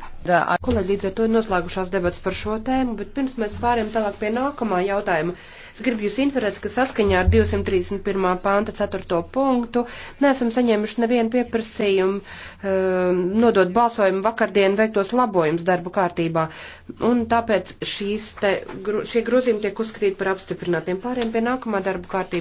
kārtībā. Kolēģi, līdz ar to ir noslēgušās debats par šo tēmu, bet pirms mēs pāriem tālāk pie nākamā jautājuma. Es gribu jūs informēt, ka saskaņā ar 231. panta 4. punktu nesam saņēmuši nevienu pieprasījumu um, nodot balsojumu vakardien veiktos labojumus darbu kārtībā. Un tāpēc šīs te, šie grozījumi tiek uzskatīti par apstiprinātiem. Pāriem pie nākamā darbu kārtības.